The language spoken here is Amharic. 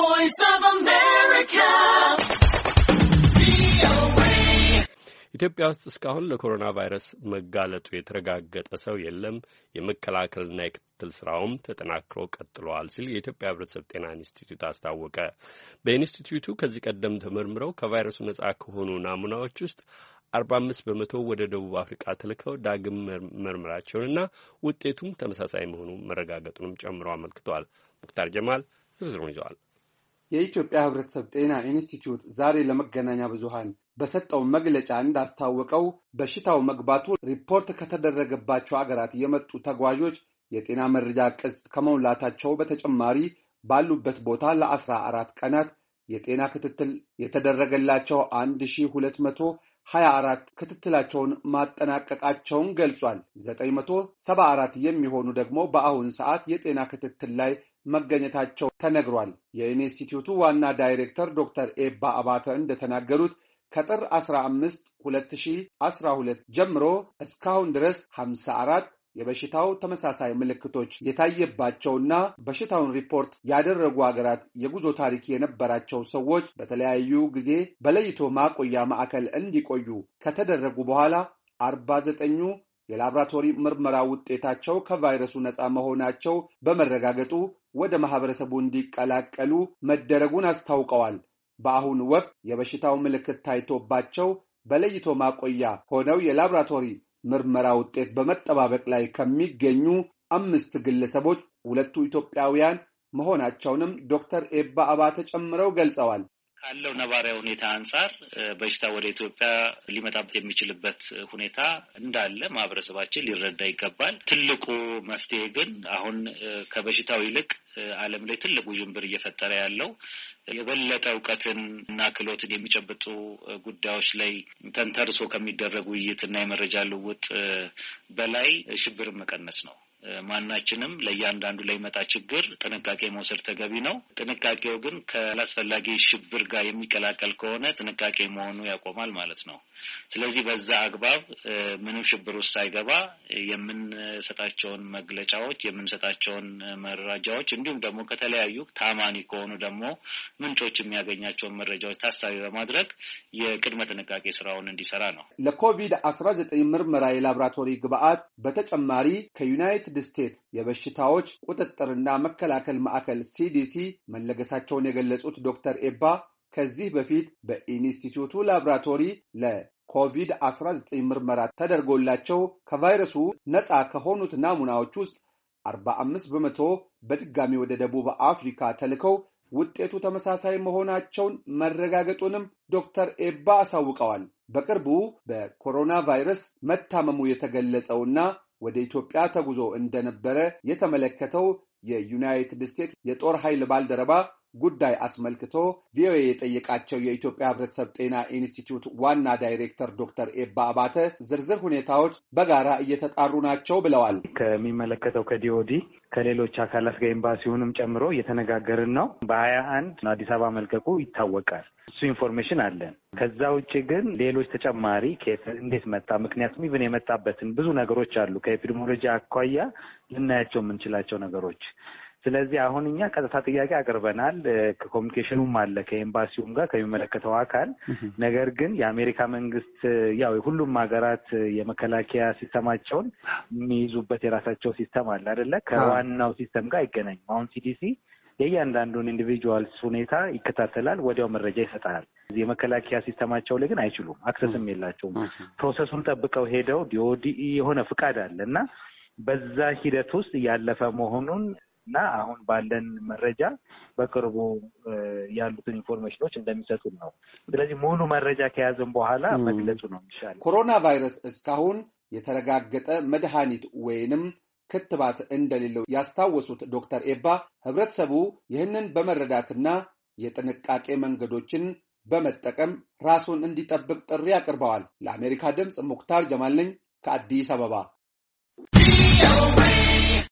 voice of America. ኢትዮጵያ ውስጥ እስካሁን ለኮሮና ቫይረስ መጋለጡ የተረጋገጠ ሰው የለም። የመከላከልና የክትትል ስራውም ተጠናክሮ ቀጥሏል ሲል የኢትዮጵያ ሕብረተሰብ ጤና ኢንስቲትዩት አስታወቀ። በኢንስቲትዩቱ ከዚህ ቀደም ተመርምረው ከቫይረሱ ነጻ ከሆኑ ናሙናዎች ውስጥ አርባ አምስት በመቶ ወደ ደቡብ አፍሪቃ ተልከው ዳግም መርምራቸውንና ውጤቱም ተመሳሳይ መሆኑ መረጋገጡንም ጨምሮ አመልክተዋል። ሙክታር ጀማል ዝርዝሩን ይዘዋል። የኢትዮጵያ ሕብረተሰብ ጤና ኢንስቲትዩት ዛሬ ለመገናኛ ብዙሃን በሰጠው መግለጫ እንዳስታወቀው በሽታው መግባቱ ሪፖርት ከተደረገባቸው አገራት የመጡ ተጓዦች የጤና መረጃ ቅጽ ከመሙላታቸው በተጨማሪ ባሉበት ቦታ ለአስራ አራት ቀናት የጤና ክትትል የተደረገላቸው አራት ክትትላቸውን ማጠናቀቃቸውን ገልጿል። አራት የሚሆኑ ደግሞ በአሁን ሰዓት የጤና ክትትል ላይ መገኘታቸው ተነግሯል። የኢንስቲትዩቱ ዋና ዳይሬክተር ዶክተር ኤባ አባተ እንደተናገሩት ከጥር 15 2012 ጀምሮ እስካሁን ድረስ 54 የበሽታው ተመሳሳይ ምልክቶች የታየባቸውና በሽታውን ሪፖርት ያደረጉ ሀገራት የጉዞ ታሪክ የነበራቸው ሰዎች በተለያዩ ጊዜ በለይቶ ማቆያ ማዕከል እንዲቆዩ ከተደረጉ በኋላ አርባ ዘጠኙ የላብራቶሪ ምርመራ ውጤታቸው ከቫይረሱ ነፃ መሆናቸው በመረጋገጡ ወደ ማህበረሰቡ እንዲቀላቀሉ መደረጉን አስታውቀዋል። በአሁኑ ወቅት የበሽታው ምልክት ታይቶባቸው በለይቶ ማቆያ ሆነው የላብራቶሪ ምርመራ ውጤት በመጠባበቅ ላይ ከሚገኙ አምስት ግለሰቦች ሁለቱ ኢትዮጵያውያን መሆናቸውንም ዶክተር ኤባ አባተ ጨምረው ገልጸዋል። ካለው ነባሪያ ሁኔታ አንጻር በሽታ ወደ ኢትዮጵያ ሊመጣበት የሚችልበት ሁኔታ እንዳለ ማህበረሰባችን ሊረዳ ይገባል። ትልቁ መፍትሄ ግን አሁን ከበሽታው ይልቅ ዓለም ላይ ትልቅ ውዥንብር እየፈጠረ ያለው የበለጠ እውቀትን እና ክህሎትን የሚጨብጡ ጉዳዮች ላይ ተንተርሶ ከሚደረግ ውይይት እና የመረጃ ልውውጥ በላይ ሽብርን መቀነስ ነው። ማናችንም ለእያንዳንዱ ለሚመጣ ችግር ጥንቃቄ መውሰድ ተገቢ ነው። ጥንቃቄው ግን ከላስፈላጊ ሽብር ጋር የሚቀላቀል ከሆነ ጥንቃቄ መሆኑ ያቆማል ማለት ነው። ስለዚህ በዛ አግባብ ምንም ሽብር ውስጥ ሳይገባ የምንሰጣቸውን መግለጫዎች፣ የምንሰጣቸውን መረጃዎች እንዲሁም ደግሞ ከተለያዩ ታማኒ ከሆኑ ደግሞ ምንጮች የሚያገኛቸውን መረጃዎች ታሳቢ በማድረግ የቅድመ ጥንቃቄ ስራውን እንዲሰራ ነው። ለኮቪድ አስራ ዘጠኝ ምርመራ የላቦራቶሪ ግብአት በተጨማሪ ከዩናይትድ የዩናይትድ ስቴትስ የበሽታዎች ቁጥጥርና መከላከል ማዕከል ሲዲሲ መለገሳቸውን የገለጹት ዶክተር ኤባ ከዚህ በፊት በኢንስቲትዩቱ ላብራቶሪ ለኮቪድ-19 ምርመራ ተደርጎላቸው ከቫይረሱ ነፃ ከሆኑት ናሙናዎች ውስጥ 45 በመቶ በድጋሚ ወደ ደቡብ አፍሪካ ተልከው ውጤቱ ተመሳሳይ መሆናቸውን መረጋገጡንም ዶክተር ኤባ አሳውቀዋል። በቅርቡ በኮሮና ቫይረስ መታመሙ የተገለጸውና ወደ ኢትዮጵያ ተጉዞ እንደነበረ የተመለከተው የዩናይትድ ስቴትስ የጦር ኃይል ባልደረባ ጉዳይ አስመልክቶ ቪኦኤ የጠየቃቸው የኢትዮጵያ ሕብረተሰብ ጤና ኢንስቲትዩት ዋና ዳይሬክተር ዶክተር ኤባ አባተ ዝርዝር ሁኔታዎች በጋራ እየተጣሩ ናቸው ብለዋል። ከሚመለከተው ከዲኦዲ ከሌሎች አካላት ጋር ኤምባሲውንም ጨምሮ እየተነጋገርን ነው። በሀያ አንድ አዲስ አበባ መልቀቁ ይታወቃል። እሱ ኢንፎርሜሽን አለን። ከዛ ውጭ ግን ሌሎች ተጨማሪ ኬስ እንዴት መጣ፣ ምክንያቱም ይብን የመጣበትን ብዙ ነገሮች አሉ። ከኤፒዲሞሎጂ አኳያ ልናያቸው የምንችላቸው ነገሮች ስለዚህ አሁን እኛ ቀጥታ ጥያቄ አቅርበናል። ከኮሚኒኬሽኑም አለ ከኤምባሲውም ጋር ከሚመለከተው አካል። ነገር ግን የአሜሪካ መንግስት ያው የሁሉም ሀገራት የመከላከያ ሲስተማቸውን የሚይዙበት የራሳቸው ሲስተም አለ አደለ? ከዋናው ሲስተም ጋር አይገናኝም። አሁን ሲዲሲ የእያንዳንዱን ኢንዲቪጁዋልስ ሁኔታ ይከታተላል፣ ወዲያው መረጃ ይሰጣል። የመከላከያ ሲስተማቸው ላይ ግን አይችሉም፣ አክሰስም የላቸውም። ፕሮሰሱን ጠብቀው ሄደው ዲኦዲ የሆነ ፍቃድ አለ እና በዛ ሂደት ውስጥ ያለፈ መሆኑን እና አሁን ባለን መረጃ በቅርቡ ያሉትን ኢንፎርሜሽኖች እንደሚሰጡን ነው። ስለዚህ ሙሉ መረጃ ከያዘን በኋላ መግለጹ ነው ይሻል። ኮሮና ቫይረስ እስካሁን የተረጋገጠ መድኃኒት ወይንም ክትባት እንደሌለው ያስታወሱት ዶክተር ኤባ ህብረተሰቡ ይህንን በመረዳትና የጥንቃቄ መንገዶችን በመጠቀም ራሱን እንዲጠብቅ ጥሪ አቅርበዋል። ለአሜሪካ ድምፅ ሙክታር ጀማል ነኝ ከአዲስ አበባ።